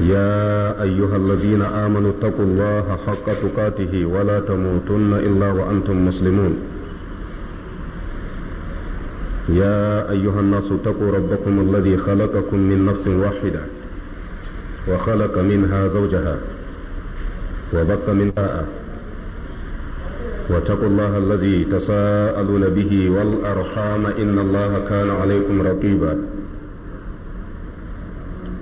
يا أيها الذين آمنوا اتقوا الله حق تقاته ولا تموتن إلا وأنتم مسلمون يا أيها الناس اتقوا ربكم الذي خلقكم من نفس واحدة وخلق منها زوجها وبث منها واتقوا الله الذي تساءلون به والأرحام إن الله كان عليكم رقيباً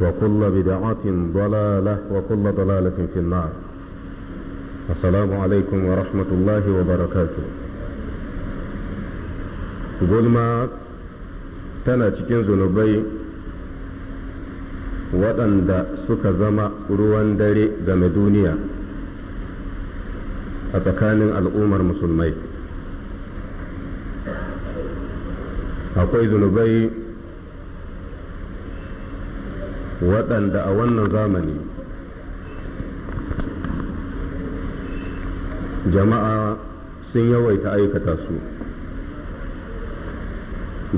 وكل بدعة ضلالة وكل ضلالة في النار السلام عليكم ورحمة الله وبركاته gulma tana cikin zunubai waɗanda suka zama ruwan dare game duniya a tsakanin al'ummar musulmai akwai zunubai waɗanda a wannan zamani jama'a sun yawaita aikata su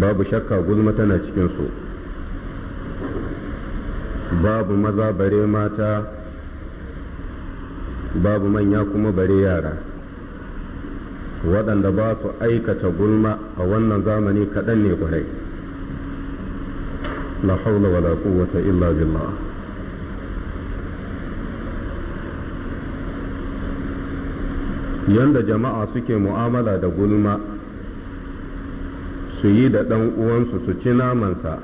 babu shakka gulma tana cikinsu babu maza bare mata babu manya kuma bare yara waɗanda ba su aikata gulma a wannan zamani kaɗan ne kwarai لا حول ولا قوة إلا بالله yanda jama'a suke mu'amala da gulma su yi da ɗan uwansu su ci namansa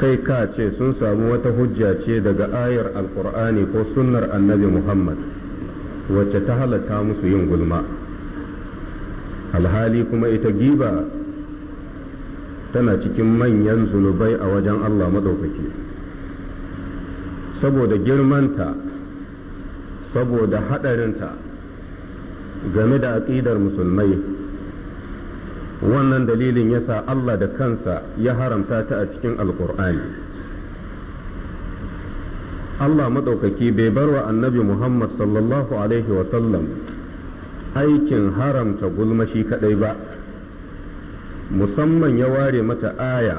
kai ka ce sun samu wata hujja ce daga ayar alkur'ani ko sunnar annabi muhammad wacce ta halatta musu yin gulma alhali kuma ita giba tana cikin manyan zunubai a wajen Allah maɗaukaki saboda girmanta saboda haɗarinta game da aƙidar musulmai wannan dalilin yasa Allah da kansa ya haramta ta a cikin alƙur'ani Allah maɗaukaki bai bar wa annabi Muhammad sallallahu alaihi wasallam aikin haramta gulmashi kaɗai ba musamman ya ware mata aya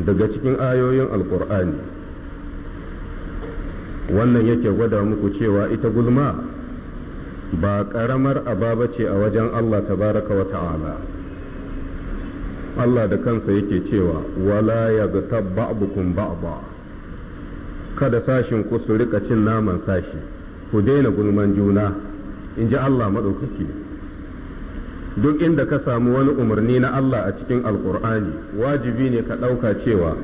daga cikin ayoyin alkur'ani wannan yake gwada muku cewa ita gulma ba ƙaramar ababa ce a wajen Allah tabaraka wa ta'ala Allah da kansa yake cewa wala ya ga ba'bukum ba'ba kada sashin ku su rika cin naman sashi ku daina gulman juna in ji Allah maɗaukaki duk inda ka samu wani umarni na Allah a cikin alkur'ani wajibi ne ka ɗauka cewa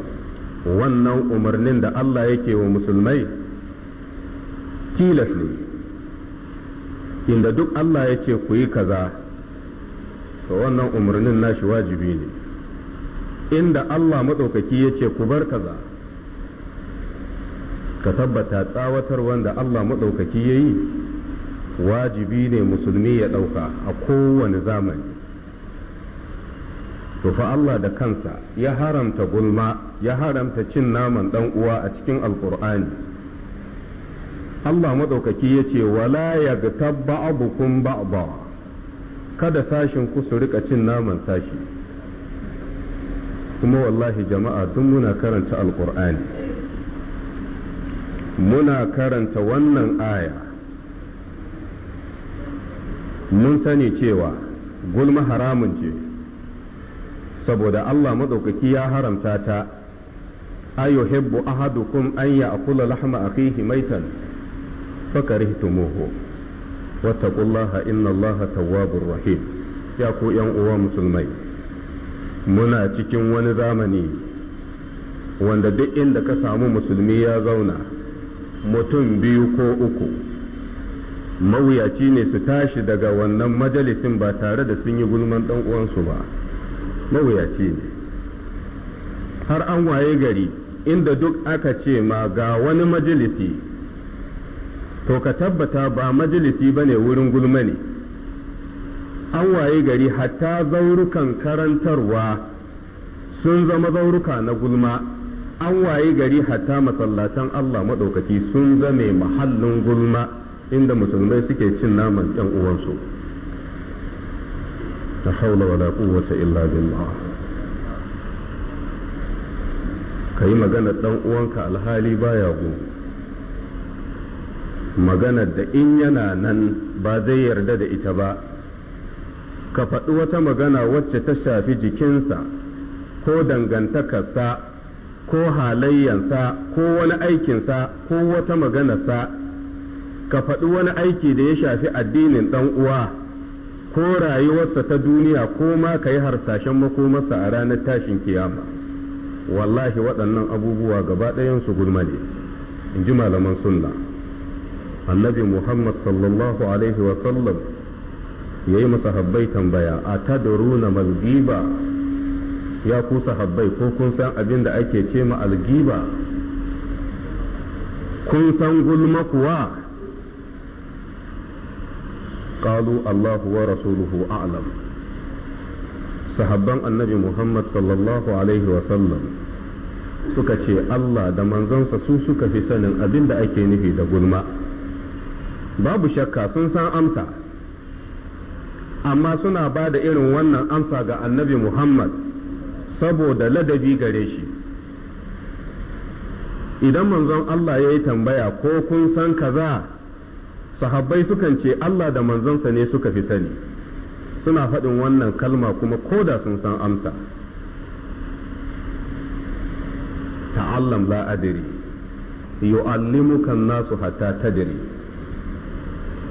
wannan umarnin da Allah yake wa musulmai tilas ne inda duk Allah ya ce ku yi kaza to wannan umarnin nashi wajibi ne inda Allah maɗaukaki ya ce ku bar kaza ka tabbata tsawatar wanda Allah maɗaukaki ya yi wajibi ne musulmi ya ɗauka a kowane zamani to fa Allah da kansa ya haramta gulma ya haramta cin naman ɗan uwa a cikin alkur'ani Allah maɗaukaki ya ce wala ya ga ba'abukum ba'ba kada sashin ku su rika cin naman sashi kuma wallahi jama'a duk muna karanta alkur'ani muna karanta wannan aya mun sani cewa gulma haramun ce saboda Allah maɗaukaki ya haramta ta ayuhibbu ahadukum an ya'kula lahma akhihi maitan fakarihtumuhu wattaqullaha innallaha tawwabur rahim ya ku yan uwa musulmai muna cikin wani zamani wanda duk inda ka samu musulmi ya zauna mutum biyu ko uku mawuyaci ne su tashi daga wannan majalisin ba tare da sun yi gulman ɗan uwansu ba mawuyaci ne har an waye gari inda duk aka ce ma ga wani majalisi to ka tabbata ba majalisi ba ne wurin gulma ne an waye gari hatta zaurukan karantarwa sun zama zauruka na gulma an waye gari hatta masallacin Allah maɗaukaki sun zame mahallin gulma inda musulmai suke cin naman yan uwansu ta haula wala quwwata illa billah yi magana ɗan uwanka alhali baya go maganar da in yana nan ba zai yarda da ita ba ka faɗi wata magana wacce ta shafi jikinsa ko dangantakarsa ko halayyansa ko wani aikinsa ko wata maganarsa ka faɗi wani aiki da ya shafi addinin ɗan uwa ko rayuwarsa ta duniya ko ma ka yi harsashen makomarsa a ranar tashin kiyama wallahi waɗannan abubuwa gaba ɗayansu gulma ne in ji malaman sunna annabi muhammad sallallahu alaihi wasallam ya yi masahabbai tambaya a runa malgiba ya ku sahabbai ko kun san abin da ake ce ma algiba kun san gulma kuwa qalu Allahu wa rasuluhu a'lam sahabban annabi Muhammad sallallahu alaihi wa suka ce Allah da manzansa su suka fi sanin abin da ake nufi da gulma babu shakka sun san amsa amma suna ba da irin wannan amsa ga annabi Muhammad saboda ladabi gare shi idan manzon Allah ya yi tambaya ko kun san kaza sahabbai sukan ce Allah da manzonsa ne suka fi sani suna faɗin wannan kalma kuma koda sun san amsa ta'allam la adiri yu'allimuka nasu hatta tadri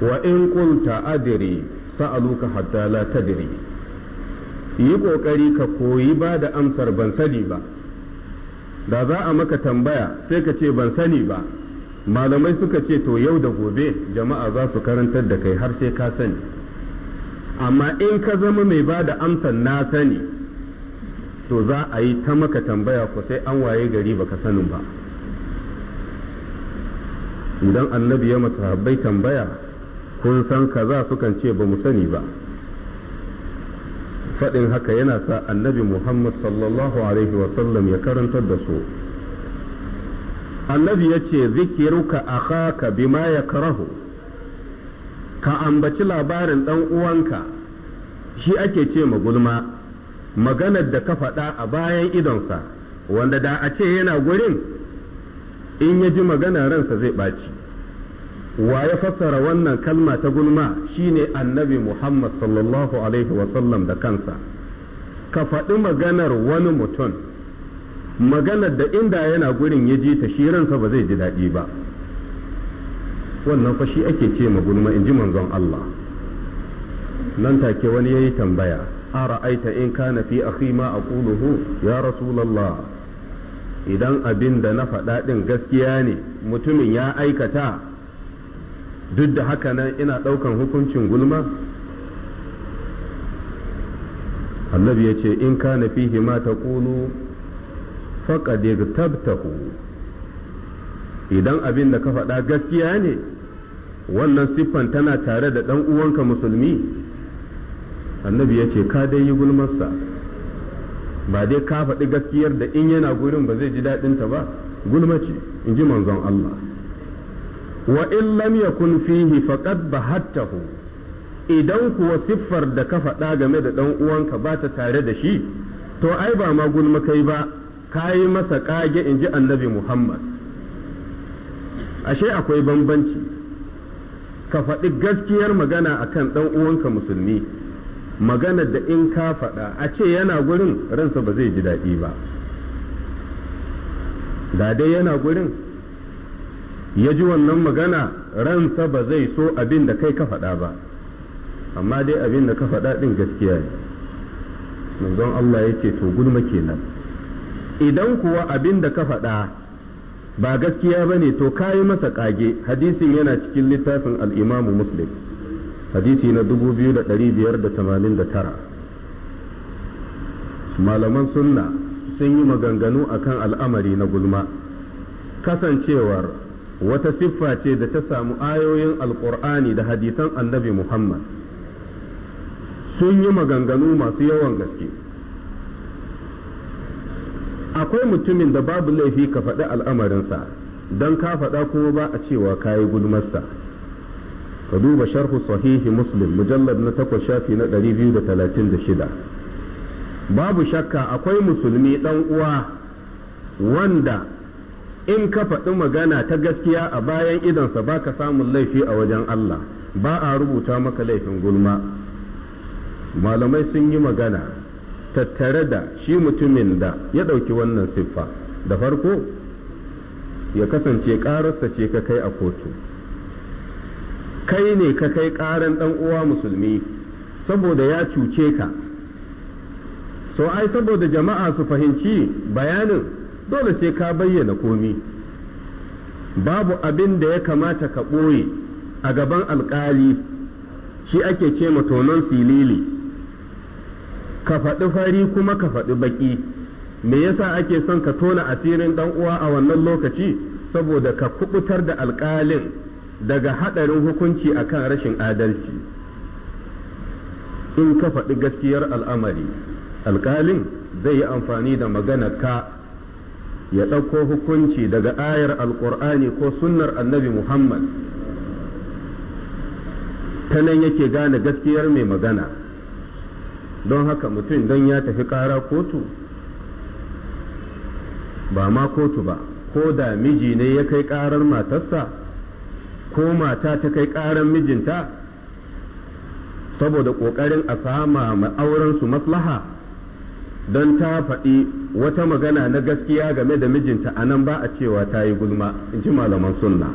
wa in qulta adiri sa'aluka hatta la tadri yi ƙoƙari ka koyi ba da amsar ban sani ba da za a maka tambaya sai ka ce ban sani ba malamai suka ce to yau da gobe jama'a za su karantar da kai har sai ka sani amma in ka zama mai ba da amsan na sani to za a yi ta maka tambaya ko sai an waye gari baka sanin ba idan annabi ya masahabbai tambaya kun san kaza sukan ce ba mu sani ba faɗin haka yana sa annabi Muhammad sallallahu Alaihi wasallam ya karantar da su annabi ya ce zikiruka akhaka bima karahu ka ambaci labarin ɗan uwanka shi ake ce ma gulma maganar da ka faɗa a bayan idonsa wanda da a ce yana gurin in ya ji magana ransa zai ɓaci wa ya fassara wannan kalma ta gulma shine annabi muhammad sallallahu alaihi wasallam da kansa ka faɗi maganar wani mutum maganar da inda yana gurin ya ji ta shi ransa ba zai ji daɗi ba wannan fa shi ake ce ma gulma in ji manzon Allah nan take wani ya yi tambaya a ra'aita in kana fi akhi ma aquluhu ya rasulullah idan abin da na faɗa ɗin gaskiya ne mutumin ya aikata duk da haka nan ina ɗaukan hukuncin gulma annabi ya ce in kana fihi ma taqulu faƙadir tabtahu idan abin da ka faɗa gaskiya ne wannan siffan tana tare da ɗan uwanka musulmi annabi ya ce ka dai yi gulmarsa ba dai ka faɗi gaskiyar da in yana gurin ba zai ji daɗinta ba gulmace in ji manzon Allah wa in lam yakun fihi faqad bahattahu idan kuwa siffar da ka faɗa game da ɗan uwanka ba ta tare da shi to ai ba ma gulma kai ba ka yi masa ƙage in ji annabi Muhammad ashe akwai bambanci ka faɗi gaskiyar magana akan ɗan uwanka musulmi magana da in ka faɗa a ce yana gurin ransa ba zai ji daɗi ba da dai yana gurin ya ji wannan magana ransa ba zai so abin da kai ka faɗa ba amma dai abin da ka faɗa ɗin gaskiya ne manzon Allah ya ce to gulma kenan idan kuwa abin da ka faɗa ba gaskiya ba ne to ka yi masa ƙage hadisin yana cikin littafin al'imamu muslim hadisi na 2589 malaman sunna sun yi maganganu a kan al'amari na gulma kasancewar wata siffa ce da ta samu ayoyin alƙur'ani da hadisan annabi muhammad sun yi maganganu masu yawan gaske akwai mutumin da babu laifi ka faɗi al'amarinsa don ka faɗa kuma ba a cewa ka yi gulmarsa ka duba sharhu sahihi muslim mujallar na takwas shafi na 236 babu shakka akwai musulmi ɗan uwa wanda in ka faɗi magana ta gaskiya a bayan idansa ba ka samun laifi a wajen Allah ba a rubuta maka laifin gulma malamai sun yi magana tattare da shi mutumin da ya ɗauki wannan siffa da farko ya kasance ƙararsa ce ka kai a kotu kai ne ka kai ƙaran ɗan uwa musulmi saboda ya cuce ka so ai saboda jama'a su fahimci bayanin dole sai ka bayyana komi babu abin da ya kamata ka ɓoye a gaban alƙali shi ake ce tonon silili ka faɗi fari kuma ka faɗi baƙi me yasa ake son ka tona asirin ɗan uwa a wannan lokaci saboda ka kubutar da alƙalin daga haɗarin hukunci akan rashin adalci in ka faɗi gaskiyar al'amari alƙalin zai yi amfani da magana ka ya ɗauko hukunci daga ayar alƙur'ani ko sunnar annabi muhammad ta nan yake gane gaskiyar mai magana don haka mutum don ya tafi ƙara kotu ba ma kotu ba ko da miji ne ya kai ƙarar matarsa ko mata ta kai ƙarar mijinta saboda ƙoƙarin a sama ma'auransu maslaha don ta faɗi wata magana na gaskiya game da mijinta a nan ba a cewa ta yi gulma in ji malaman sunna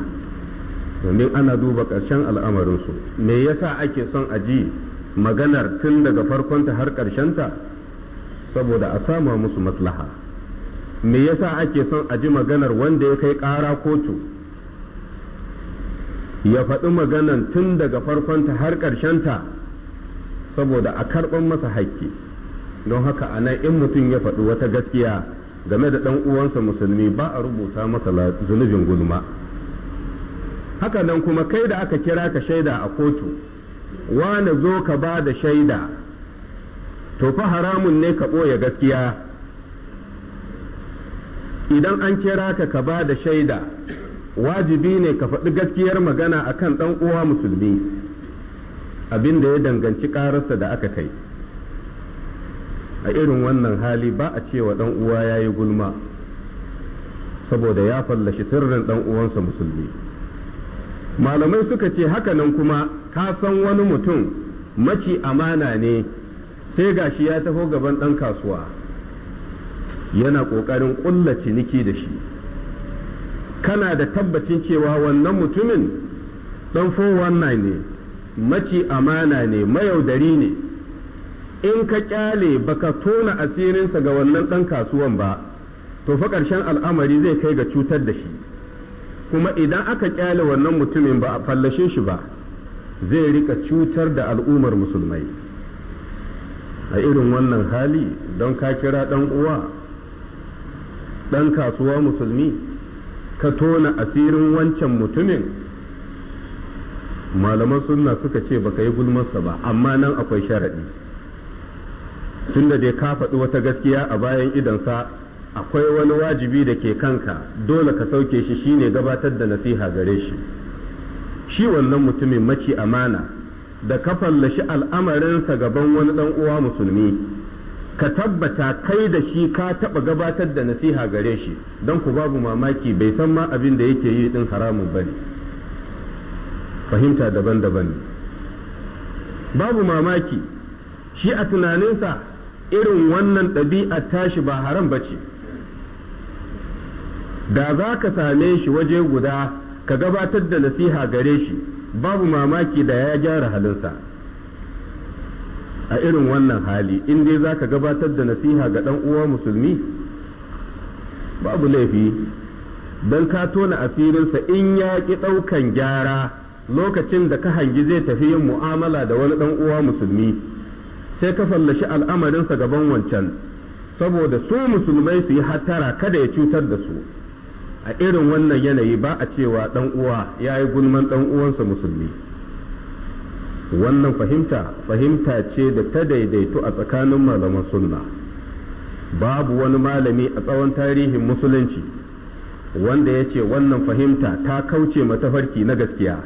domin ana duba ƙarshen al'amarinsu me yasa ake son a ji maganar tun daga farkonta har ta saboda a sama musu maslaha me yasa ake son a ji maganar wanda ya kai ƙara kotu ya faɗi maganar tun daga farkonta har ta saboda a karɓan masa haƙƙi don haka a nan in mutum ya faɗi wata gaskiya game da ɗan uwansa musulmi ba a rubuta masa zunubin gulma haka nan kuma kai da aka kira ka shaida a kotu Wani zo ka ba da shaida to fa haramun ne ka ɓoye gaskiya idan an kira ka ka ba da shaida wajibi ne ka faɗi gaskiyar magana akan ɗan uwa musulmi abin da ya danganci ƙararsa da aka kai a irin wannan hali ba a cewa ɗan uwa ya yi gulma saboda ya fallashi sirrin ɗan uwansa musulmi malamai suka ce haka nan kuma ka san wani mutum maci amana ne sai gashi ya tafi gaban ɗan kasuwa yana ƙoƙarin ƙulla ciniki da shi kana da tabbacin cewa wannan mutumin ɗan 419 ne maci amana ne mayaudari ne in ka kyale baka tona asirinsa ga wannan ɗan kasuwan ba to fa ƙarshen al'amari zai kai ga cutar da shi kuma idan aka kyale wannan mutumin ba a fallashe shi ba zai rika cutar da al'ummar musulmai a irin wannan hali don ka kira ɗan uwa ɗan kasuwa musulmi ka tona asirin wancan mutumin malaman sunna suka ce baka yi gulmarsa ba amma nan akwai sharaɗi tunda dai ka faɗi wata gaskiya a bayan idansa akwai wani wajibi da ke kanka dole ka sauke shi shine gabatar da nasiha gare shi shi wannan mutumin maci amana da ka fallashi al'amarinsa gaban wani ɗan uwa musulmi ka tabbata kai da shi ka taɓa gabatar da nasiha gare shi don ku babu mamaki bai san ma abin da yake yi ɗin haramun bane fahimta daban-daban babu mamaki shi a tunaninsa irin wannan ɗabi'a tashi ba haram bace da za ka same shi waje guda ka gabatar da nasiha gare shi babu mamaki da ya gyara halinsa a irin wannan hali in dai za ka gabatar da nasiha ga ɗan uwa musulmi babu laifi don ka tona asirinsa in ya ƙi ɗaukan gyara lokacin da ka hangi zai tafi yin mu'amala da wani ɗan uwa musulmi sai ka fallashi al'amarinsa gaban wancan saboda su musulmai su yi hattara kada ya cutar da su a irin wannan yanayi ba a cewa dan uwa ya yi gulman dan uwansa musulmi wannan fahimta fahimta ce da ta daidaito a tsakanin malaman sunna babu wani malami a tsawon tarihin musulunci wanda ya ce wannan fahimta ta kauce matafarki na gaskiya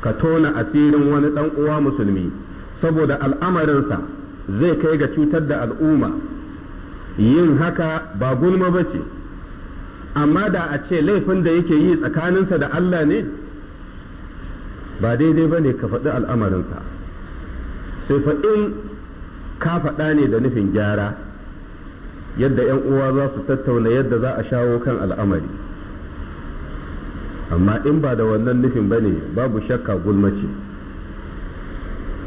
ka tona asirin wani dan uwa musulmi saboda al'amarinsa zai kai ga cutar da al'umma yin haka ba gulma ba ce amma da a ce laifin da yake yi tsakaninsa da Allah ne ba daidai ba ne ka faɗi al'amarinsa sai faɗin ka faɗa ne da nufin gyara yadda ‘yan uwa za su tattauna yadda za a shawo kan al'amari amma in ba da wannan nufin ba ne babu shakka gulmace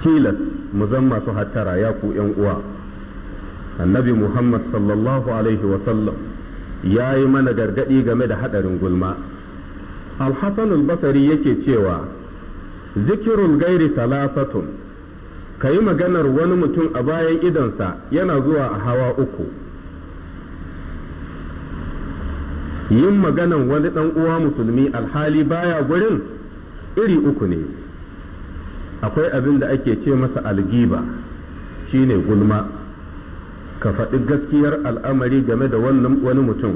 tilas mu zan masu hattara ya ku ‘yan uwa annabi muhammad sallallahu alaihi wasallam ya yi mana gargaɗi game da haɗarin gulma alhassan basari yake cewa zikirul gairi salasatun ka yi maganar wani mutum a bayan idonsa yana zuwa a hawa uku yin maganan wani ɗan uwa musulmi alhali baya gurin iri uku ne akwai abin da ake ce masa algiba shine gulma ka faɗi gaskiyar al'amari game da wannan wani mutum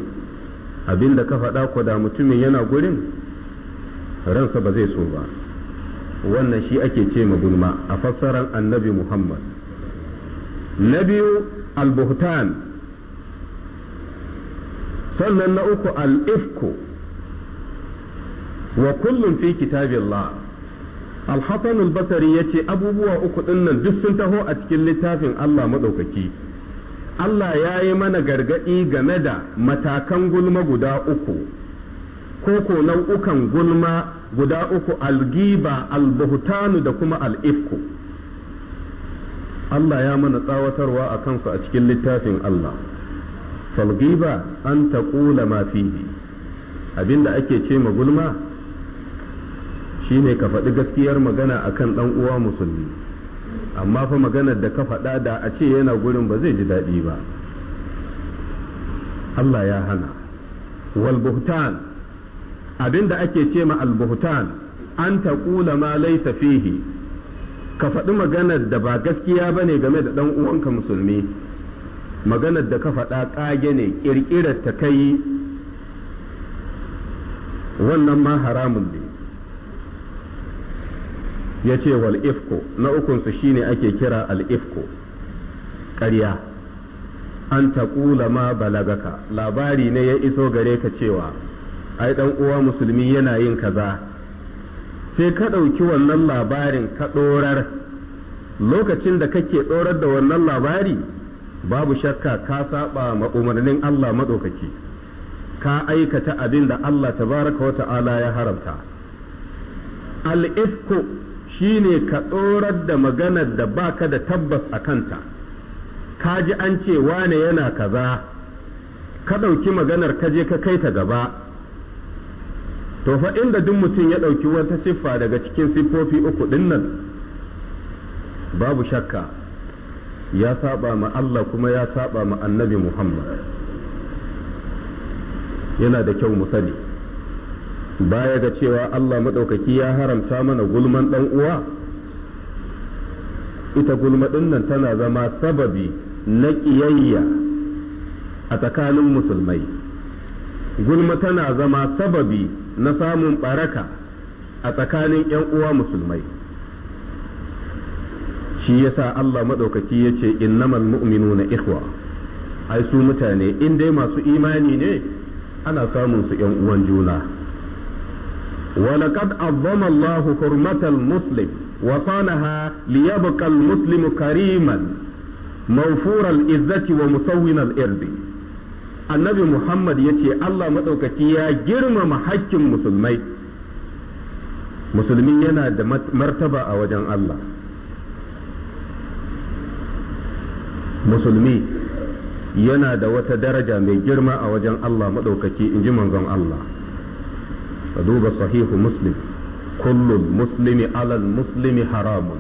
abinda ka faɗa ko da mutumin yana gurin ransa ba zai so ba wannan shi ake ce ma gulma a fassarar annabi muhammad na biyu al sannan na uku al wa kullum fi kitabillah al-hasan al-basri yace abubuwa uku dinnan duk sun taho a cikin littafin Allah maɗaukaki. Allah ya yi mana gargaɗi game da matakan gulma guda uku, ko ko nau'ukan gulma guda uku algiba, albuhutanu da kuma al'ifku. Allah ya mana tsawatarwa a kansu a cikin littafin Allah. Falgiba an ta ƙula mafihi, abinda ake ce ma gulma shine ka faɗi gaskiyar magana akan ɗan uwa musulmi. amma fa maganar da ka faɗa da a ce yana gurin ba zai ji daɗi ba Allah ya hana wal buhtan abinda ake ce ma al buhtan an taƙula ma laysa fihi ka faɗi maganar da ba gaskiya ba ne game da ɗan uwanka musulmi maganar da ka faɗa ƙage ne ƙirƙirar ta kai wannan ma haramun ne ya ce wal ifko na ukunsu shine ake kira al ifko ƙarya an taƙula ma balagaka labari ne ya iso gare ka cewa ai ɗan uwa musulmi yana yin kaza sai ka ɗauki wannan labarin ka ɗorar lokacin da kake ɗorar da wannan labari babu shakka ka saba ma umarnin Allah maɗaukaki ka aikata abin da Allah tabaraka wata ala ya haramta al-ifku shine ka tsorar da maganar da ba ka da tabbas a kanta ka ji an ce wane yana kaza ka ɗauki maganar ka je ka kai ta gaba to fa inda duk mutum ya ɗauki wata siffa daga cikin siffofi uku ɗin nan babu shakka ya saba ma Allah kuma ya saba ma annabi Muhammad yana da kyau mu sani baya ga cewa Allah maɗaukaki ya haramta mana gulman ɗan uwa ita gulma nan tana zama sababi na ƙiyayya a tsakanin musulmai gulma tana zama sababi na samun ɓaraka a tsakanin 'yan uwa musulmai shi yasa Allah maɗaukaki ya ce innamal na ikhwa ai su mutane in dai masu imani ne ana samun su 'yan uwan juna ولقد عظم الله حرمة المسلم وصانها ليبقى المسلم كريما موفور العزة ومسون الإرض annabi Muhammad ya ce Allah maɗaukaki ya girmama hakkin musulmai musulmi yana da martaba a wajen Allah musulmi yana da wata daraja mai girma a wajen Allah maɗaukaki inji manzon Allah ka duba sahihu muslim kullum muslimi alal muslimi haramun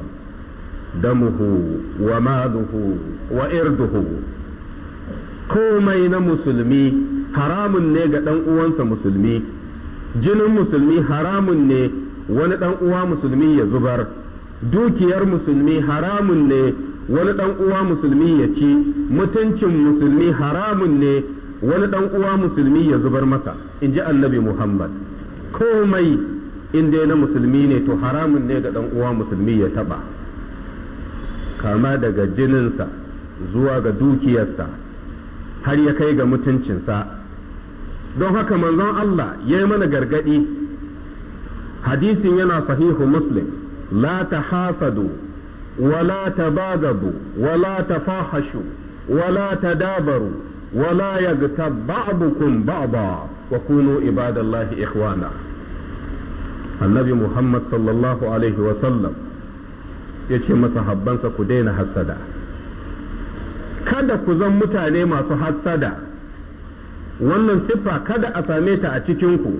damuhu wa maluhu komai na musulmi haramun ne ga ɗan uwansa musulmi jinin musulmi haramun ne wani ɗan uwa musulmi ya zubar dukiyar musulmi haramun ne wani ɗan uwa musulmi ya ci mutuncin musulmi haramun ne wani ɗan uwa musulmi ya zubar masa in ji annabi muhammad komai in dai na musulmi ne to haramun ne ga dan uwa musulmi ya taba kama daga jininsa zuwa ga dukiyarsa har ya kai ga mutuncinsa don haka manzon Allah ya yi mana gargadi hadisin yana sahihu muslim la tahasadu wala ta ولا wala ولا wa la يغتب ba'dukum بعضا wa kunu ibadallahi ikhwana annabi muhammad sallallahu alaihi wa sallam ya ce masahabbansa ku daina hassada kada ku zan mutane masu hassada wannan siffa kada a same ta a cikinku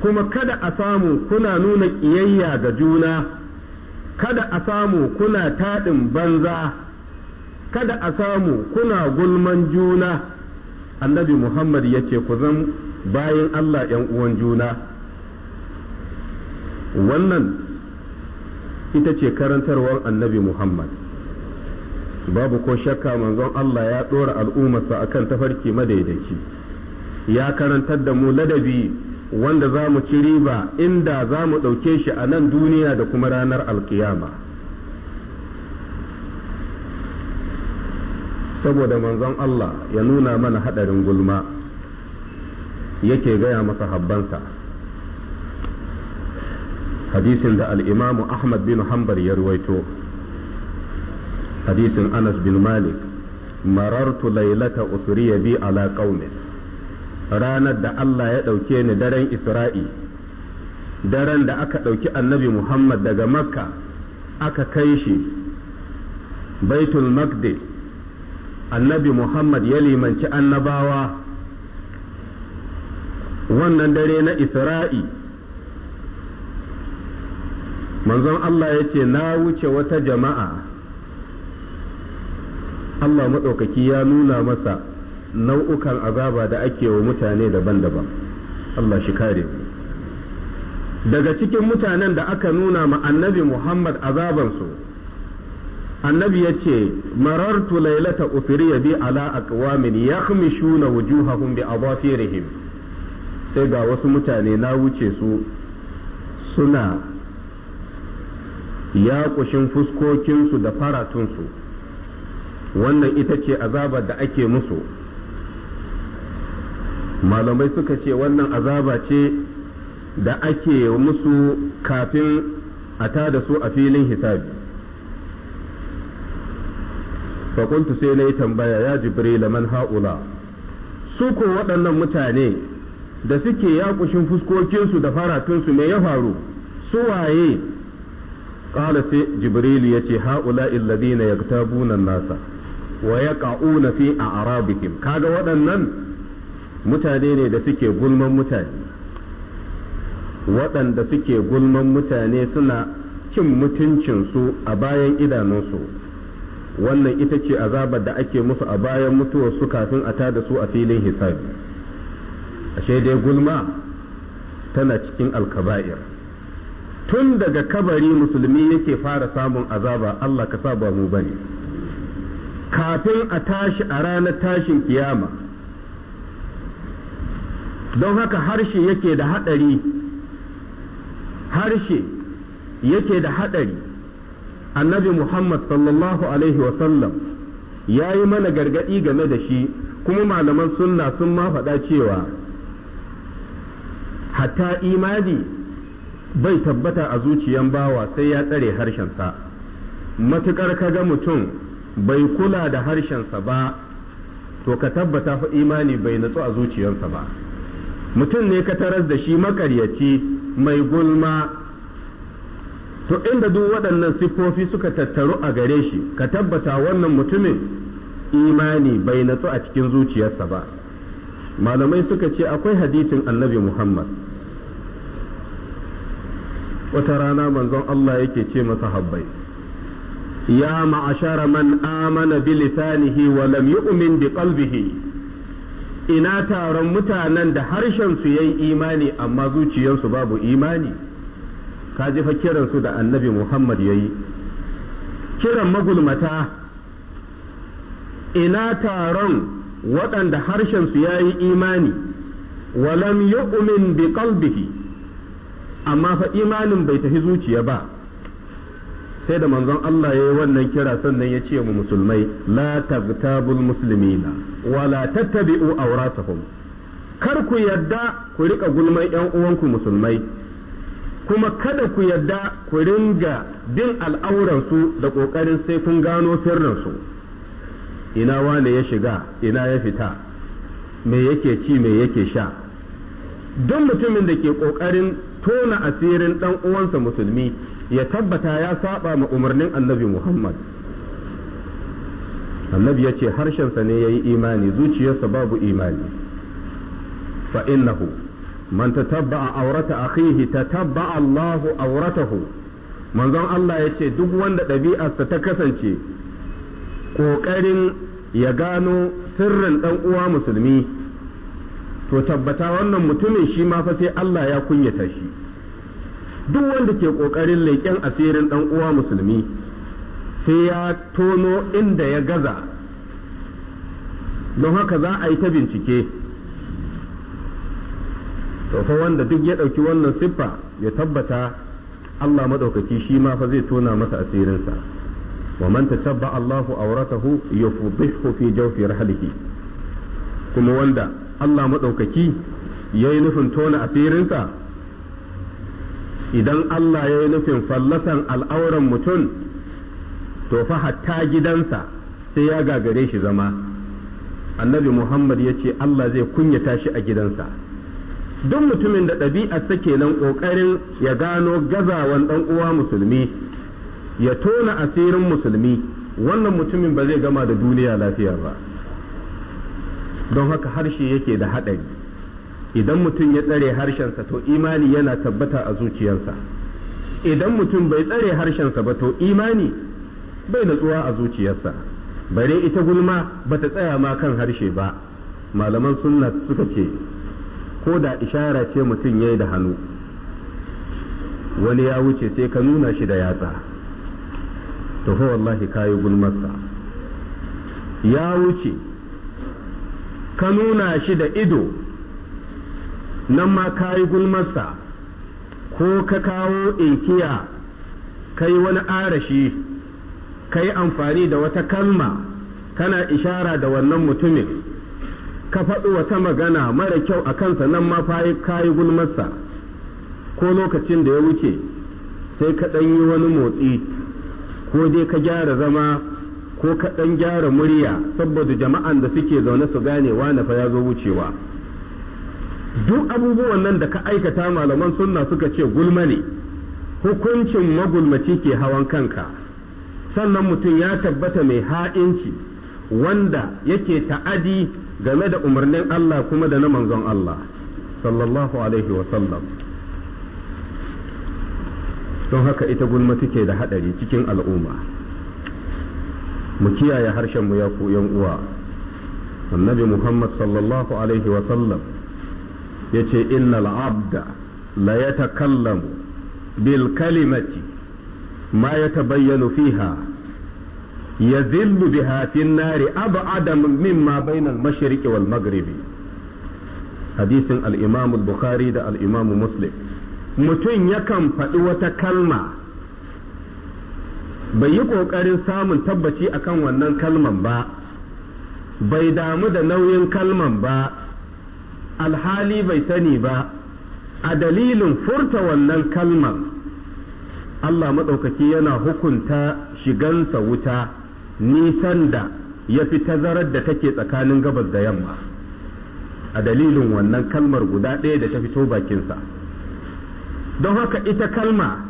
kuma kada a samu kuna nuna ƙiyayya ga juna kada a samu kuna taɗin banza kada a samu kuna gulman juna annabi Muhammad ya ce ku zan bayan Allah ‘yan uwan juna wannan ita ce karantarwar annabi Muhammad babu ko shakka manzon Allah ya ɗora al'ummarsa akan tafarki madaidaici ya karantar da mu ladabi wanda za mu ci riba inda za mu ɗauke shi a nan duniya da kuma ranar alkiyama. saboda manzon Allah ya nuna mana haɗarin gulma yake gaya masa habbansa hadisin da al'imamu Ahmad bin Hanbal ya ruwaito hadisin Anas bin Malik marartu lailata usriya bi ala qaumin ranar da Allah ya ɗauke ni daren Isra'i daren da aka ɗauki annabi Muhammad daga Makka aka kai shi baitul Maqdis annabi Muhammad ya limanci annabawa wannan dare na Isra'i manzon Allah ya ce na wuce wata jama'a Allah maɗaukaki ya nuna masa nau'ukan azaba da ake wa mutane daban-daban Allah shi kare daga cikin mutanen da aka nuna ma annabi Muhammad azabansu annabi ya ce marartu lailata usriya bi ala aqwamin yakhmishuna wujuhahum bi adafirihim sai ga wasu mutane na wuce su suna yaƙushin fuskokinsu da faratunsu wannan ita ce azabar da ake musu malamai suka ce wannan azaba ce da ake musu kafin a tada su a filin hisabi faƙuntu sai na yi tambaya ya jibril man ha'ula su ko waɗannan mutane da suke yakushin fuskokinsu da faratunsu ne ya faru su waye ƙala sai jibril ya ce ha'ula illadina yaktabuna nasa wa yaqa'una fi a'rabihim kaga waɗannan mutane ne da suke gulman mutane waɗanda suke gulman mutane suna cin mutuncinsu a bayan idanunsu wannan ita ce azabar da ake musu a bayan mutuwar su kafin a tada su a filin hisabi ashe dai gulma tana cikin alkaba'ir tun daga kabari musulmi yake fara samun azaba Allah ka sa ba mu bane kafin a tashi a ranar tashin kiyama don haka harshe yake da haɗari harshe yake da haɗari annabi Muhammad sallallahu alaihi wasallam ya yi mana gargaɗi game da shi kuma malaman sunna sun ma faɗa cewa hatta imani bai tabbata a zuciyan bawa sai ya tsare harshensa matuƙar ka ga mutum bai kula da harshensa ba to ka tabbata fa imani bai natsu a zuciyarsa ba mutum ne ka taras da shi makaryaci mai gulma to inda duk waɗannan siffofi suka tattaru a gare shi ka tabbata wannan mutumin imani bai natsu a cikin zuciyarsa ba malamai suka ce akwai hadisin annabi muhammad wata rana manzon Allah yake ce masa habbai ya ma'ashara man amana bi lisanihi wa lam yu'min bi qalbihi ina taron mutanen da harshen su yayi imani amma zuciyarsu babu imani ka ji fa kiran su da annabi Muhammad yayi kiran magulmata ina taron waɗanda harshen su yayi imani walam yu'min bi qalbihi amma fa imanin bai tafi zuciya ba sai da manzon Allah ya yi wannan kira sannan ya ce mu musulmai la tabtabul muslimina wala tattabi'u awratahum kar ku yadda ku rika gulman yan uwanku musulmai kuma kada ku yarda ku ringa bin al'auransu da ƙoƙarin sai kun gano sirrinsu ina wane ya shiga ina ya fita me yake ci me yake sha duk mutumin da ke ƙoƙarin tona asirin ɗan uwansa musulmi ya tabbata ya saba ma umarnin annabi muhammad annabi ya ce harshensa ne ya yi imani zuciyarsa babu imani fa innahu man tatabba'a aurata akhihi tatabba'a Allahu auratahu manzon Allah ya ce duk wanda ɗabi'arsa ta kasance ƙoƙarin ya gano sirrin ɗan uwa musulmi to tabbata wannan mutumin shi ma fa sai Allah ya kunyata shi duk wanda ke ƙoƙarin leƙen asirin ɗan uwa musulmi sai ya tono inda ya gaza don haka za a yi ta bincike to fa wanda duk ya ɗauki wannan siffa ya tabbata Allah maɗaukaki shi ma fa zai tona masa asirinsa wa man tatabba Allahu awratahu yufdihu fi jawfi rahlihi kuma wanda Allah maɗaukaki yayi nufin tona asirinsa idan Allah yayi nufin fallasan al'auran mutum to fa hatta gidansa sai ya gagare shi zama annabi Muhammad ya ce Allah zai kunyata shi a gidansa duk mutumin da ɗabi'a ɗabi'arsa nan ƙoƙarin ya gano gazawan ɗan uwa musulmi ya tona asirin musulmi wannan mutumin ba zai gama da duniya lafiya ba don haka harshe yake da haɗari idan mutum ya tsare harshensa to imani yana tabbata a zuciyarsa idan mutum bai tsare harshensa ba to imani bai natsuwa a zuciyarsa bare ita gulma ba ta tsaya ma kan harshe ba malaman sunna suka ce ko da ishara ce mutum ya yi da hannu wani ya wuce sai ka nuna shi da yatsa to fa wallahi ka yi gulmarsa ya wuce ka nuna shi da ido nan ma kayi yi gulmarsa ko ka kawo inkiya ka yi wani arashi ka yi amfani da wata kalma kana ishara da wannan mutumin ka faɗi wata magana mara kyau a kansa nan ma kayi gulmarsa ko lokacin da ya wuce sai ka ɗan yi wani motsi ko dai ka gyara zama ko ka ɗan gyara murya saboda jama'an da suke zaune su gane na fa ya zo wucewa duk abubuwan nan da ka aikata malaman sunna suka ce gulma ne hukuncin magulmaci ke hawan kanka sannan mutum ya tabbata mai ha'inci wanda yake ta'adi game da umarnin Allah kuma da na manzon Allah sallallahu alaihi wasallam don haka ita gulma take da haɗari cikin al'umma mu kiyaye harshenmu ya ku uwa annabi muhammad sallallahu alaihi wasallam ya ce innal abda la ya bil kalimati ma ya bayyanu fiha yazillu biha fin nari ab'ada mimma bainal mashriqi wal maghribi hadisin al-imam al-bukhari da al-imam muslim mutum yakan faɗi wata kalma bai yi ƙoƙarin samun tabbaci akan wannan kalman ba bai damu da nauyin kalman ba alhali bai sani ba a dalilin furta wannan kalman Allah maɗaukaki yana hukunta shigansa wuta nisan da ya fi tazarar da take tsakanin gabas da yamma a dalilin wannan kalmar guda ɗaya da ta fito bakinsa don haka ita kalma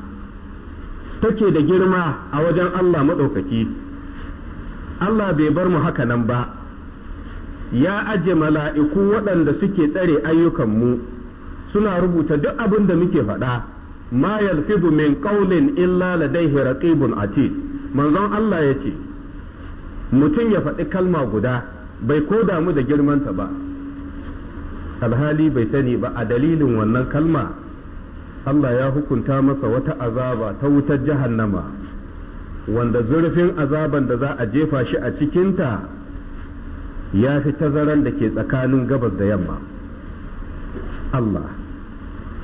take da girma a wajen Allah maɗaukaki Allah bai bar mu haka nan ba ya aje mala'iku waɗanda suke tsare ayyukanmu suna rubuta duk abin da muke faɗa ma yalfidu min ƙaunin illa ladayhi raqibun atid manzon Allah ya ce mutum ya faɗi kalma guda bai ko damu da girmanta ba alhali bai sani ba a dalilin wannan kalma Allah ya hukunta masa wata azaba ta wutar jahannama wanda zurfin azaban da za a jefa shi a cikinta ya fi tazaran da ke tsakanin gabas da yamma Allah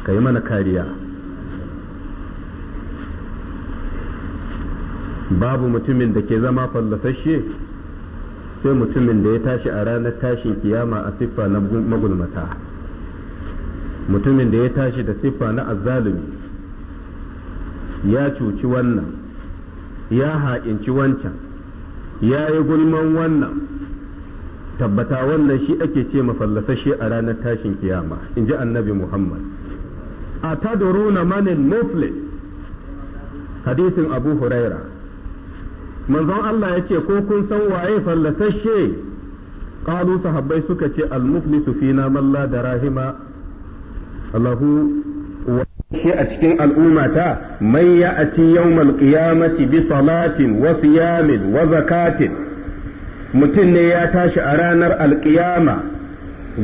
ka yi mana kariya babu mutumin da ke zama fallasashe sai mutumin da ya tashi a ranar tashin kiyama a siffa na magulmata mutumin da ya tashi da siffa na azzalumi ya cuci wannan ya haƙinci wancan ya yi gulman wannan tabbata wannan shi ake ce mafallasashe a ranar tashin kiyama in ji annabi muhammad a taduruna manin muflis hadisin abu huraira manzon Allah ya ce ko kun san waye fallasashe qalu sahabbai suka ce al-muflisu fina man la darahima Allahu shi a cikin al'ummata man ya'ati yawmal qiyamati bi salatin wa siyamin wa zakatin mutum ne ya tashi a ranar alƙiyama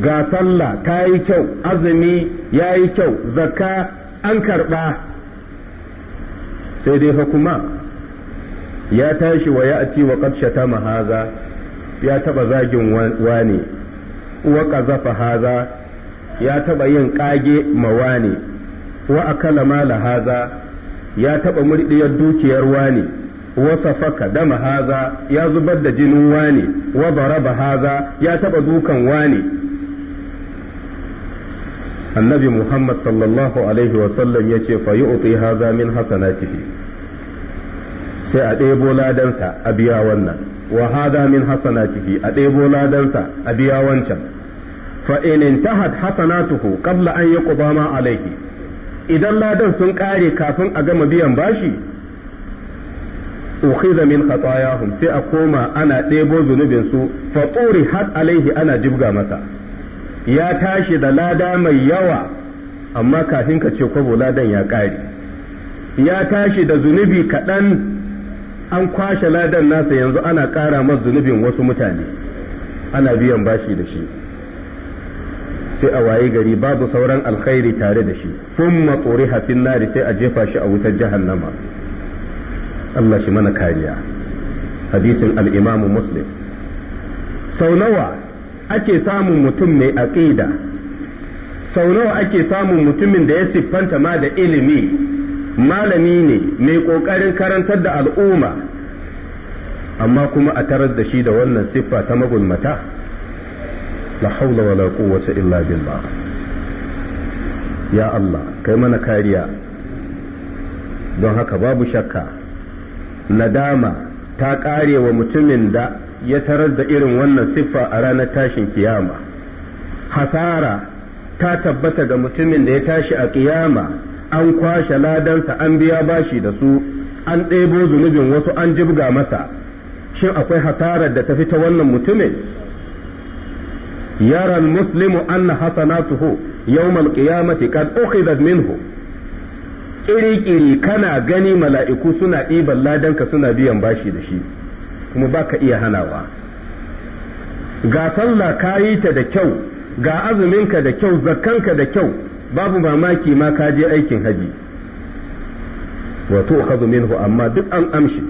ga sallah ta yi kyau azumi ya yi kyau zakka an karɓa sai dai fa kuma ya tashi wa ya ci wa qad shatama haza ya taba zagin wani wa qazafa haza ya taba yin kage mawani wa akala mala haza ya taba murdiyar dukiyar wani wa safaka dama haza ya zubar da jinin wani wa baraba haza ya taba dukan wani annabi muhammad sallallahu alaihi wasallam ya ce fa yi haza min hasanatihi sai a ɗebo ladansa a biya wannan wa hada min hasanatihi a ɗebo ladansa a biya wancan fa in intahat hasanatuhu qabla an yaquba ma alayhi idan ladan sun kare kafin a gama biyan bashi ukhidha min khatayahum sai a koma ana ɗebo zunubin su fa har alaihi ana jibga masa ya tashi da lada mai yawa amma kafin ka ce kwabo ladan ya kare ya tashi da zunubi kaɗan an kwashe ladan nasa yanzu ana ƙara masa zunubin wasu mutane ana biyan bashi da shi sai a waye gari babu sauran alkhairi tare da shi sun matsori hafin nari sai a jefa shi a wutar jahannama Allah shi mana kariya hadisin al'imamu muslim sau nawa ake samun mutum mai aƙida sau nawa ake samun mutumin da ya siffanta ma da ilimi malami ne mai ƙoƙarin karantar da al'umma amma kuma a tarar da shi da wannan siffa ta magulmata la haula wala quwwata illa billah ya Allah kai mana kariya don haka babu shakka nadama ta ƙare wa mutumin da ya taras da irin wannan siffa a ranar tashin kiyama hasara ta tabbata ga mutumin da ya tashi a kiyama an kwashe ladansa an biya bashi da su an ɗebo zunubin wasu an jibga masa shin akwai hasarar da ta fita ta wannan mutumin yara muslimu anna hasanatuhu yawmal qiyamati kad ukhidat minhu kiri-kiri kana gani mala'iku suna ɗiban ladanka suna biyan bashi da shi kuma baka iya hanawa ga sallah kayi ta da kyau ga azuminka da kyau zakkanka da kyau babu mamaki ma ka je aikin haji wa tu'khadhu minhu amma duk an amshi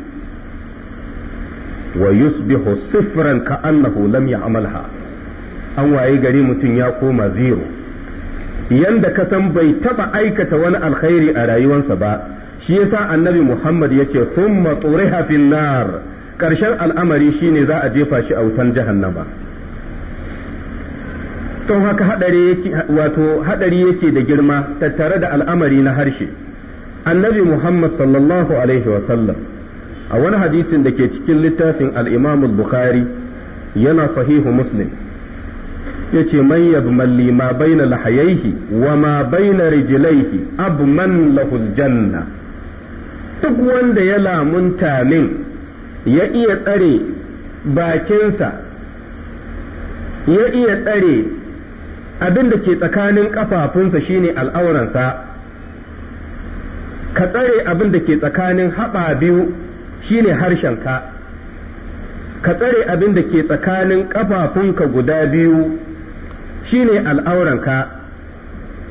wa yusbihu sifran ka annahu lam ya'malha an waye gari mutum ya koma zero yanda ka san bai taba aikata wani alkhairi a rayuwarsa ba shi yasa annabi Muhammad yace thumma turiha fin nar karshen al'amari shine za a jefa shi a wutan jahannama don haka hadari yake wato hadari yake da girma tattare da al'amari na harshe annabi muhammad sallallahu alaihi wasallam a wani hadisin da ke cikin littafin al-imam bukhari yana sahihu muslim yace man yabmalli ma baina lahayaihi wa ma baina rijlaihi abman lahul janna duk wanda ya lamunta min ya iya tsare bakinsa ya iya tsare abin da ke tsakanin kafafunsa shine al'auransa ka tsare abin da ke tsakanin haɓa biyu shine harshenka ka tsare abin da ke tsakanin kafafunka guda biyu shine al'auranka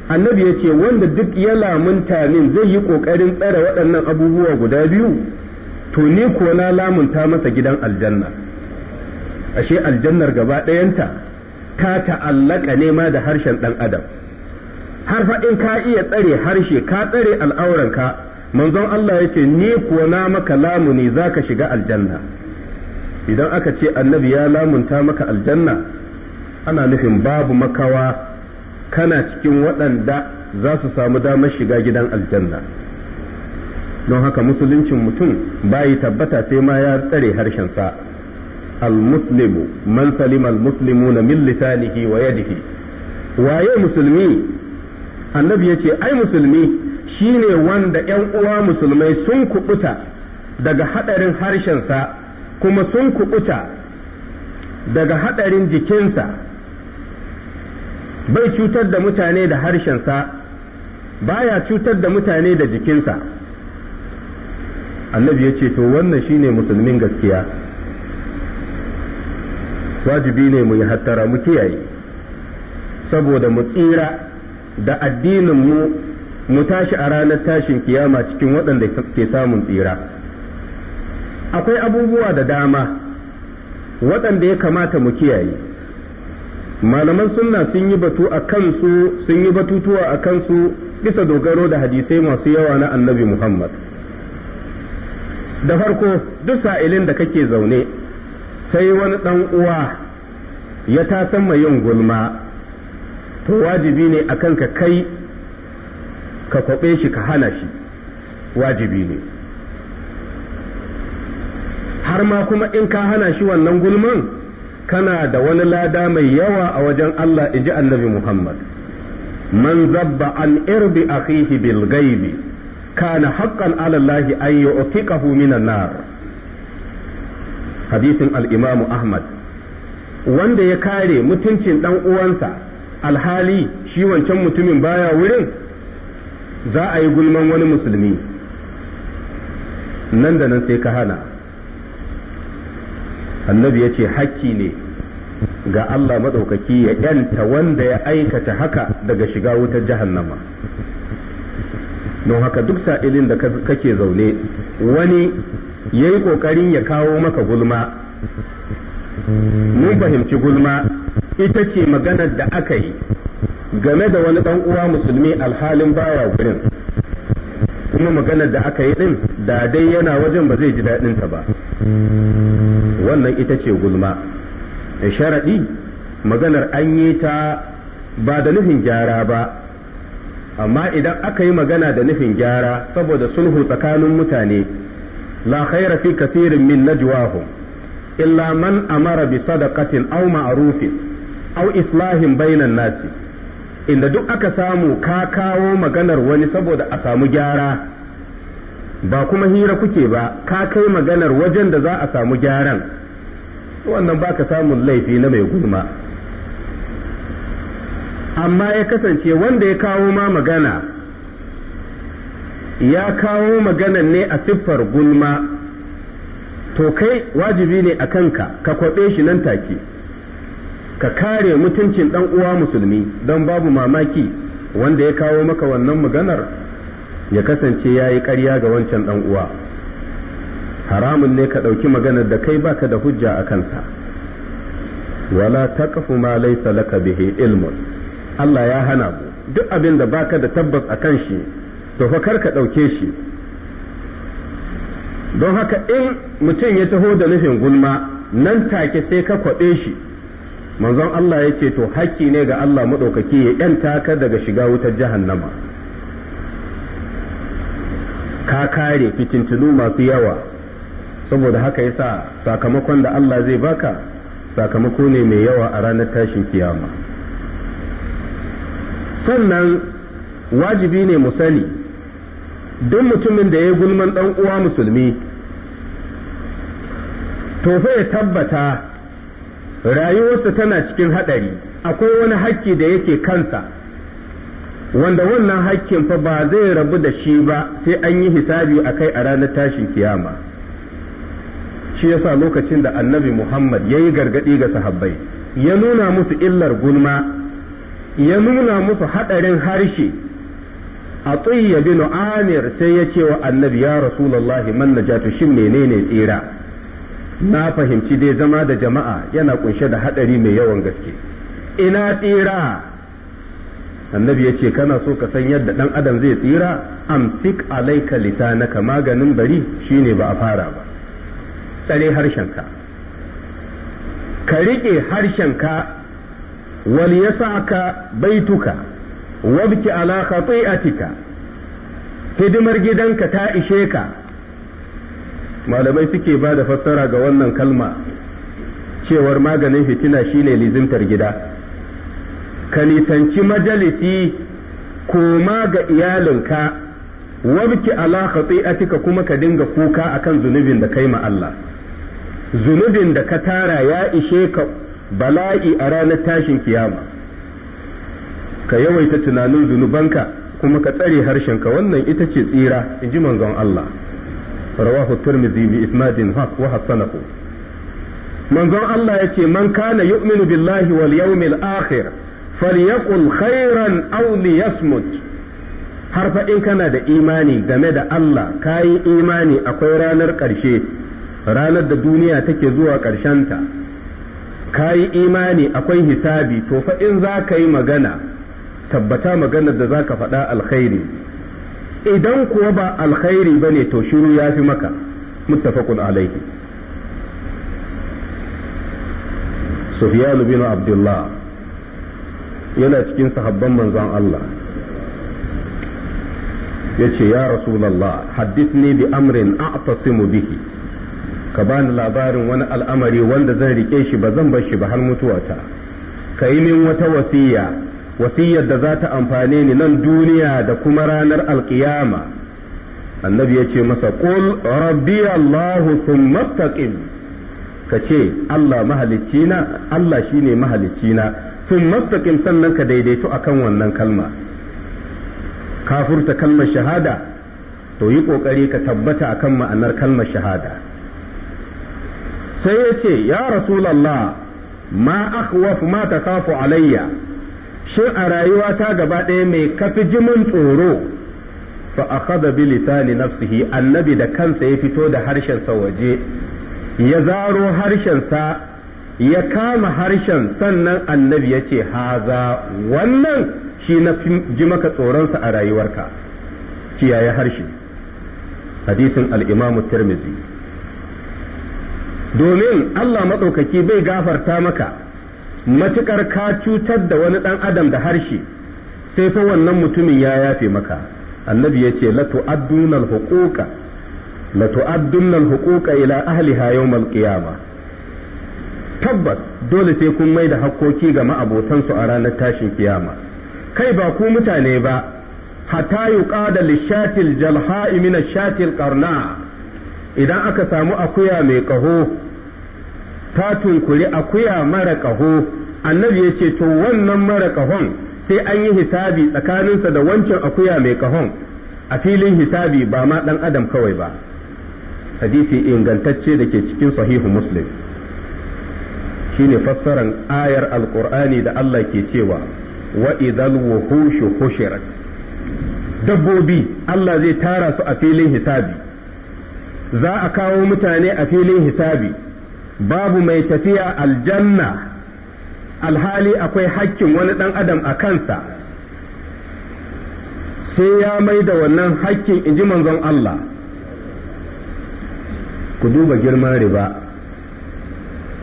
annabi ya ce wanda duk ya lamunta min zai yi ƙoƙarin tsare waɗannan abubuwa guda biyu to ni kuwa na lamunta masa gidan aljanna ashe aljannar gaba ɗayanta ta ta'allaka ne ma da harshen ɗan adam har faɗin ka iya tsare harshe ka tsare al'auranka manzon Allah ya ce ni kuwa na maka lamuni za ka shiga aljanna idan aka ce annabi ya lamunta maka aljanna ana nufin babu makawa kana cikin waɗanda za su samu damar shiga gidan aljanna don haka musuluncin mutum bayi tabbata sai ma ya tsare harshen sa al-muslimu man salima al-muslimuna min lisanihi wa yadihi waye musulmi annabi ya ce ai musulmi shine wanda ‘yan uwa musulmai sun kubuta daga haɗarin harshensa kuma sun kubuta daga haɗarin jikinsa bai cutar da mutane da harshensa baya cutar da mutane da jikinsa annabi ya ce to wannan shine musulmin gaskiya wajibi ne mu yi hattara mu kiyaye saboda mu tsira da addinin mu mu tashi a ranar tashin kiyama cikin waɗanda ke samun tsira akwai abubuwa da dama waɗanda ya kamata mu kiyaye malaman sunna sun yi batu a kansu sun yi batutuwa a kansu bisa dogaro da hadisai masu yawa na annabi muhammad da farko duk sa'ilin da kake zaune sai wani ɗan uwa ya tasan mai yin gulma to wajibi ne a kanka kai ka kwaɓe shi ka hana shi wajibi ne har ma kuma in ka hana shi wannan gulman kana da wani lada mai yawa a wajen Allah in ji annabi Muhammad man zabba an irbi akhihi bil ghaibi kana haqqan ala Allah an yu'tiqahu minan nar hadisin al'imamu Ahmad wanda ya kare mutuncin ɗan uwansa alhali shi wancan mutumin baya wurin za a yi gulman wani musulmi nan da nan sai ka hana annabi ya ce hakki ne ga Allah maɗaukaki ya ‘yanta wanda ya aikata haka daga shiga wutar jahannama don haka duk sa'ilin da kake zaune wani ya yi ƙoƙarin ya kawo maka gulma mun fahimci gulma ita ce maganar da aka yi game da wani ɗan uwa musulmi alhalin baya gurin kuma maganar da aka yi ɗin da dai yana wajen ba zai ji daɗinta ba wannan ita ce gulma da sharaɗi maganar an yi ta ba da nufin gyara ba amma idan aka yi magana da nufin gyara saboda sulhu tsakanin mutane la khaira fi kasirin min najwahum illa man a amara bi sadaqatin aw ma'rufin aw islahin bainan nasi inda duk aka samu ka kawo maganar wani saboda a samu gyara ba kuma hira kuke ba ka kai maganar wajen da za a samu gyaran wannan baka samun laifi na mai gulma amma ya kasance wanda ya kawo ma magana ya kawo maganan ne a siffar gulma to kai wajibi ne a kanka ka kwaɓe shi nan take ka kare mutuncin ɗan uwa musulmi don babu mamaki wanda ya kawo maka wannan maganar ya kasance ya yi ƙarya ga wancan ɗan uwa haramun ne ka ɗauki maganar da kai baka da hujja a kanta wala taqfu ma laysa laka bihi ilmun Allah ya hana ku duk abin da baka da tabbas a kan shi to fa kar ka ɗauke shi don haka in mutum ya taho da nufin gulma nan take sai ka kwaɓe shi manzon Allah ya ce to haƙƙi ne ga Allah maɗaukaki ya ‘yanta ka daga shiga wutar jahannama ka kare fitintunu masu yawa saboda haka yasa sakamakon da Allah zai baka sakamako ne mai yawa a ranar tashin kiyama sannan wajibi ne mu sani duk mutumin da ya yi gulman ɗan uwa musulmi to fa ya tabbata rayuwarsa tana cikin haɗari akwai wani hakki da yake kansa wanda wannan hakkin fa ba zai rabu da shi ba sai an yi hisabi a kai a ranar tashin kiyama shi yasa lokacin da annabi muhammad ya yi gargaɗi ga sahabbai ya nuna musu illar gulma ya nuna musu haɗarin harshe atiyya bin amir sai ya ce wa annabi ya rasulullahi man najatu shin menene tsira na fahimci dai zama da jama'a yana kunshe da hadari mai yawan gaske ina tsira annabi ya ce kana so ka san yadda dan adam zai tsira amsik alaika lisanaka maganin bari shine ba a fara ba tsare harshenka ka riƙe harshenka wal yasaka baituka wabki ala khati'atika hidimar gidanka ta ishe ka malamai suke ba da fassara ga wannan kalma cewar maganin fitina shine lizimtar gida ka nisanci majalisi koma ga iyalinka wabki ala khati'atika kuma ka dinga kuka akan zunubin da kai ma Allah zunubin da ka tara ya ishe ka bala'i a ranar tashin kiyama ka yawaita tunanin zunubanka kuma ka tsare harshenka wannan ita ce tsira in ji manzon Allah rawahu turmizi bi isnadin wa hasanahu manzon Allah ya ce man kana yu'minu billahi wal yawmil akhir falyaqul khairan aw liyasmut har fa in kana da imani game da Allah kayi imani akwai ranar ƙarshe ranar da duniya take zuwa ƙarshenta kayi imani akwai hisabi to fa in za ka yi magana tabbata maganar da zaka faɗa alkhairi idan kuwa ba alkhairi bane to shiru yafi maka muttafaqun alaihi Sufyan bin Abdullah yana cikin sahabban manzon Allah yace ya Rasulullah haddisni bi amrin a'tasimu bihi ka bani labarin wani al'amari wanda zan rike shi ba zan bar shi ba har mutuwata ka yi min wata wasiya wasiyar da za ta amfane ni nan duniya da kuma ranar alkiyama annabi ya ce masa ƙul rabbi allahu sun mastaƙin ka ce allah mahalicina allah shine na sun mastaƙin sannan ka daidaito akan wannan kalma Kafurta kalmar shahada to yi ƙoƙari ka tabbata akan ma'anar kalmar shahada sai ya ce ya rasulallah ma akhwaf ma kafu alayya shin a rayuwa ta gaba ɗaya mai kafi jimin tsoro fa akhadha bi lisani nafsihi annabi da kansa ya fito da harshen sa waje ya zaro harshen sa ya kama harshen sannan annabi ya ce haza wannan shi na ji maka tsoronsa a rayuwarka kiyaye harshe hadisin al'imamu tirmizi domin Allah maɗaukaki bai gafarta maka matukar ka cutar da wani ɗan adam da harshe sai fa wannan mutumin ya yafe maka annabi ya ce la tu'adduna al-huquqa la ila ahliha yawm al tabbas dole sai kun mai da hakkoki ga ma'abotansu a ranar tashin kiyama kai ba ku mutane ba hatta yuqada lishatil jalha'i min ash qarna idan aka samu akuya mai kaho ta tunkuri akuya mara ƙaho annabi ya ce to wannan mara ƙahon sai an yi hisabi tsakaninsa da wancan akuya mai ƙahon a filin hisabi ba ma ɗan adam kawai ba hadisi ingantacce da ke cikin sahihu muslim ne fassaran ayar alƙur'ani da Allah ke cewa wa idal wuhushu hushirat dabbobi Allah zai tara su a filin hisabi za a kawo mutane a filin hisabi babu mai tafiya aljanna alhali akwai hakkin wani ɗan adam a kansa sai ya mai da wannan hakkin in ji manzon Allah ku duba girman riba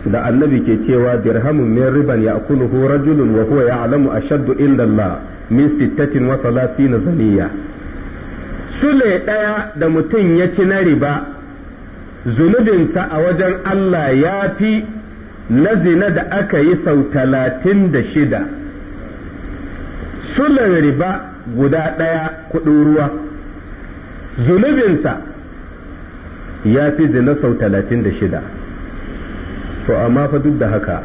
da annabi ke cewa dirhamun min riban ya akuluhu rajulun wa huwa ya'lamu ashaddu inda Allah min sittatin wa thalathina zaniya sule ɗaya da mutum ya ci na riba zunubinsa a wajen Allah ya fi na zina da aka yi sau talatin da shida sulan riba guda ɗaya kuɗin ruwa zunubinsa ya fi zina sau talatin da shida to amma fa duk da haka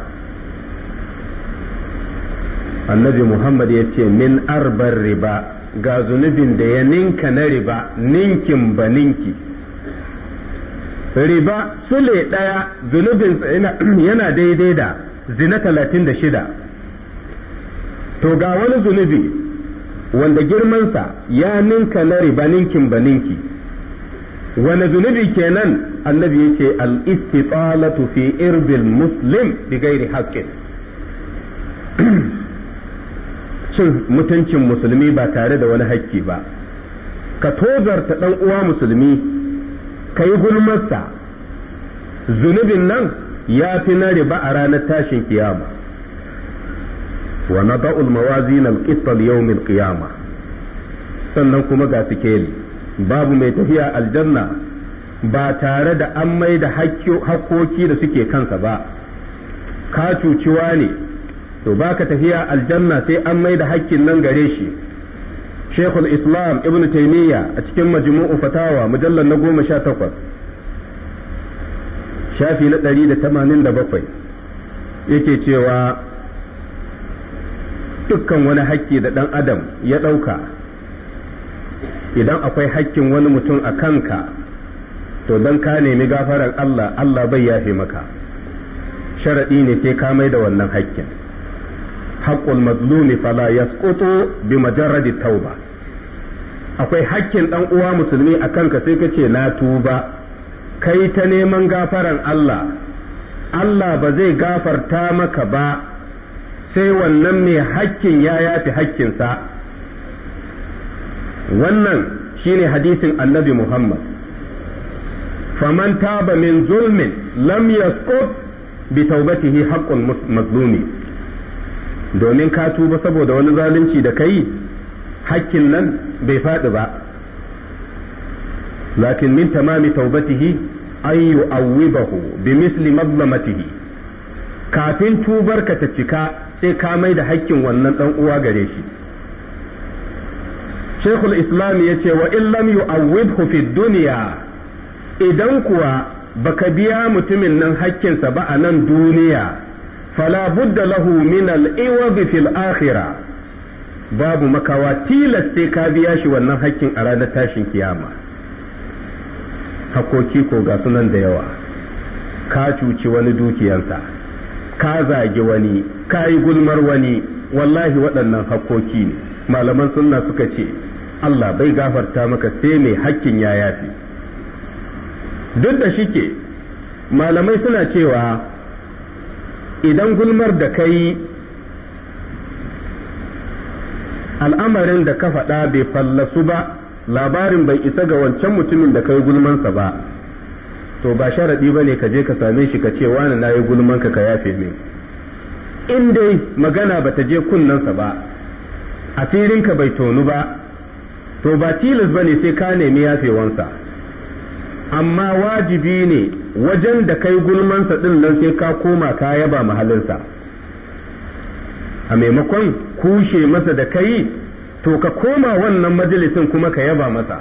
annabi muhammad ya ce min arbar riba ga zunubin da ya ninka na riba ninkin ba ninki riba sule ɗaya zunubinsa yana daidai da zina talatin da shida to ga wani zunubi wanda girmansa ya ninka na riba ninkin ba ninki wani zunubi kenan annabi ya ce al-istitalatu fi irbil muslim bi gairi haƙƙin cin mutuncin musulmi ba tare da wani haƙƙi ba ka tozarta ɗan uwa musulmi kai yi gulmarsa zunubin nan ya fi na riba a ranar tashin kiyama wa na ba'ul mawazin yau yawmin kiyama sannan kuma ga sikeli babu mai tafiya aljanna ba tare da an mai da hakkoki da suke kansa ba ka cuciwa ne to ba baka tafiya aljanna sai an mai da hakkin nan gare shi shekul islam ibn taimiyya a cikin majmu'u fatawa mujallar na goma sha takwas shafi na ɗari da tamanin da bakwai yake cewa dukkan wani hakki da ɗan adam ya ɗauka idan akwai hakkin wani mutum a kanka to don ka nemi gafarar Allah Allah bai yafe maka sharaɗi ne sai ka mai da wannan hakkin haƙƙul mazlumi fala yasqutu bi majarradi tauba akwai hakkin ɗan uwa musulmi a kanka sai ka ce na tuba kai ta neman gafaran Allah Allah ba zai gafarta maka ba sai wannan mai hakkin ya yafi hakkinsa wannan shine hadisin annabi Muhammad faman taba min zulmin lam yasqut bi taubatihi haqqul mazlumi domin ka tuba saboda wani zalunci da kai hakkin nan bai faɗi ba lakin min tamami taubatihi an yu'awwibahu bi misli mazlamatihi kafin tubarka ta cika sai ka mai da hakkin wannan ɗan uwa gare shi Sheikhul Islam ya ce wa illam yu'awwibhu fi duniya idan kuwa baka biya mutumin nan hakkinsa ba a nan duniya fala budda lahu min al-iwadi fil akhirah babu makawa tilas sai ka biya shi wannan hakkin a ranar tashin kiyama hakoki ko ga sunan da yawa ka cuci wani dukiyansa ka zagi wani ka yi gulmar wani wallahi waɗannan hakoki ne malaman sunna suka ce Allah bai gafarta maka sai mai hakkin ya yafi duk da shike malamai suna cewa idan gulmar da kai al'amarin da ka faɗa bai fallasu ba labarin bai isa ga wancan mutumin da kai gulmansa ba to ba sharaɗi ba ne ka je ka same shi ka ce wani na yi gulmanka ka yafe min in dai magana bata je kunnensa ba asirinka bai tonu ba to ba tilas ba ne sai ka nemi yafewansa amma wajibi ne wajen da kai gulmansa ɗin nan sai ka koma ka yaba mahalinsa. a maimakon kushe masa da kai to ka koma wannan majalisin kuma ka yaba masa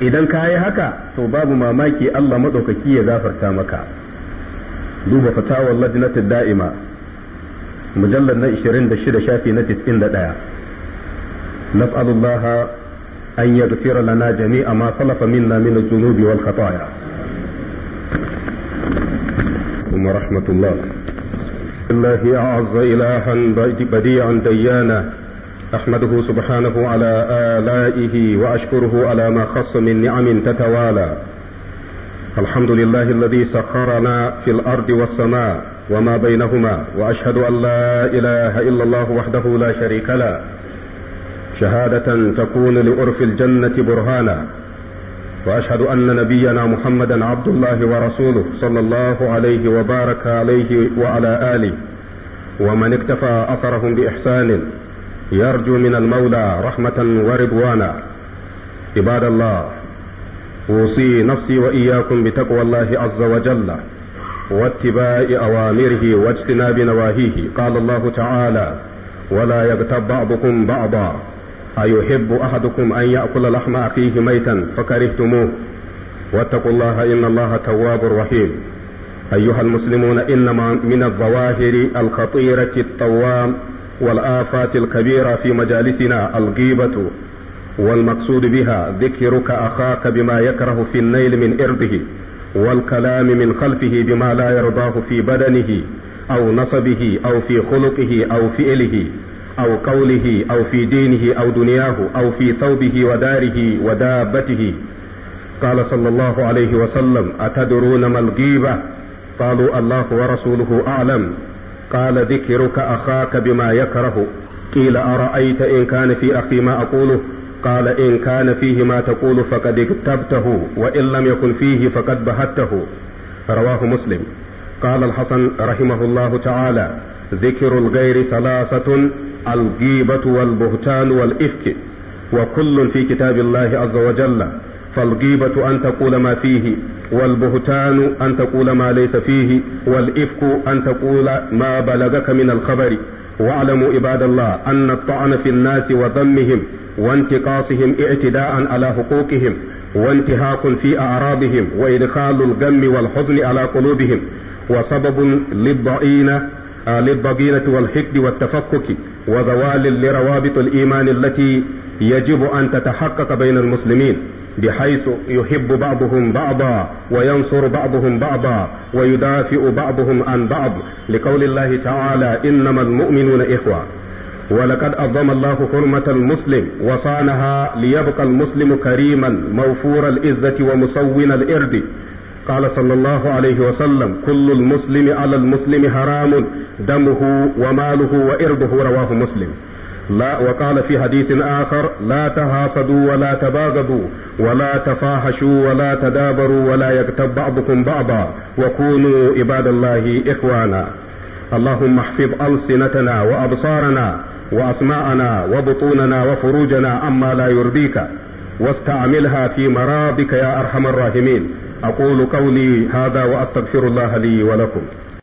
idan ka yi haka to babu mamaki Allah maɗaukaki ya zafarta maka duba fatawar lajnatin da'ima mujallar na 26 shafi na 91 nas'alullah an yaghfira lana jami'a ma salafa minna min az-zunubi wal khataaya kuma rahmatullah الله أعز إلها بديعا ديانا أحمده سبحانه على آلائه وأشكره على ما خص من نعم تتوالى الحمد لله الذي سخرنا في الأرض والسماء وما بينهما وأشهد أن لا إله إلا الله وحده لا شريك له شهادة تكون لعرف الجنة برهانا وأشهد أن نبينا محمدا عبد الله ورسوله صلى الله عليه وبارك عليه وعلى آله ومن اكتفى أثرهم بإحسان يرجو من المولى رحمة ورضوانا عباد الله أوصي نفسي وإياكم بتقوى الله عز وجل واتباع أوامره واجتناب نواهيه قال الله تعالى ولا يغتب بعضكم بعضا أيحب أحدكم أن يأكل لحم أخيه ميتا فكرهتموه واتقوا الله إن الله تواب رحيم أيها المسلمون إنما من الظواهر الخطيرة الطوام والآفات الكبيرة في مجالسنا الغيبة والمقصود بها ذكرك أخاك بما يكره في النيل من إرضه والكلام من خلفه بما لا يرضاه في بدنه أو نصبه أو في خلقه أو فئله أو قوله أو في دينه أو دنياه أو في ثوبه وداره ودابته قال صلى الله عليه وسلم أتدرون ما الغيبة قالوا الله ورسوله أعلم قال ذكرك أخاك بما يكره قيل أرأيت إن كان في أخي ما أقوله قال إن كان فيه ما تقول فقد اكتبته وإن لم يكن فيه فقد بهته رواه مسلم قال الحسن رحمه الله تعالى ذكر الغير ثلاثة الغيبة والبهتان والإفك وكل في كتاب الله عز وجل فالغيبة أن تقول ما فيه والبهتان أن تقول ما ليس فيه والإفك أن تقول ما بلغك من الخبر واعلموا عباد الله أن الطعن في الناس وذمهم وانتقاصهم اعتداء على حقوقهم وانتهاك في أعراضهم وإدخال الغم والحزن على قلوبهم وسبب للضعين للضغينة والحقد والتفكك وزوال لروابط الإيمان التي يجب أن تتحقق بين المسلمين بحيث يحب بعضهم بعضا وينصر بعضهم بعضا ويدافع بعضهم عن بعض لقول الله تعالى إنما المؤمنون إخوة ولقد عظم الله حرمة المسلم وصانها ليبقى المسلم كريما موفور العزة ومسون الإرد قال صلى الله عليه وسلم كل المسلم على المسلم حرام دمه وماله وإرضه رواه مسلم لا وقال في حديث آخر لا تحاسدوا ولا تباغضوا ولا تفاحشوا ولا تدابروا ولا يغتب بعضكم بعضا وكونوا عباد الله إخوانا اللهم احفظ ألسنتنا وأبصارنا وأسماءنا وبطوننا وفروجنا عما لا يرضيك واستعملها في مرابك يا أرحم الراحمين أقول قولي هذا وأستغفر الله لي ولكم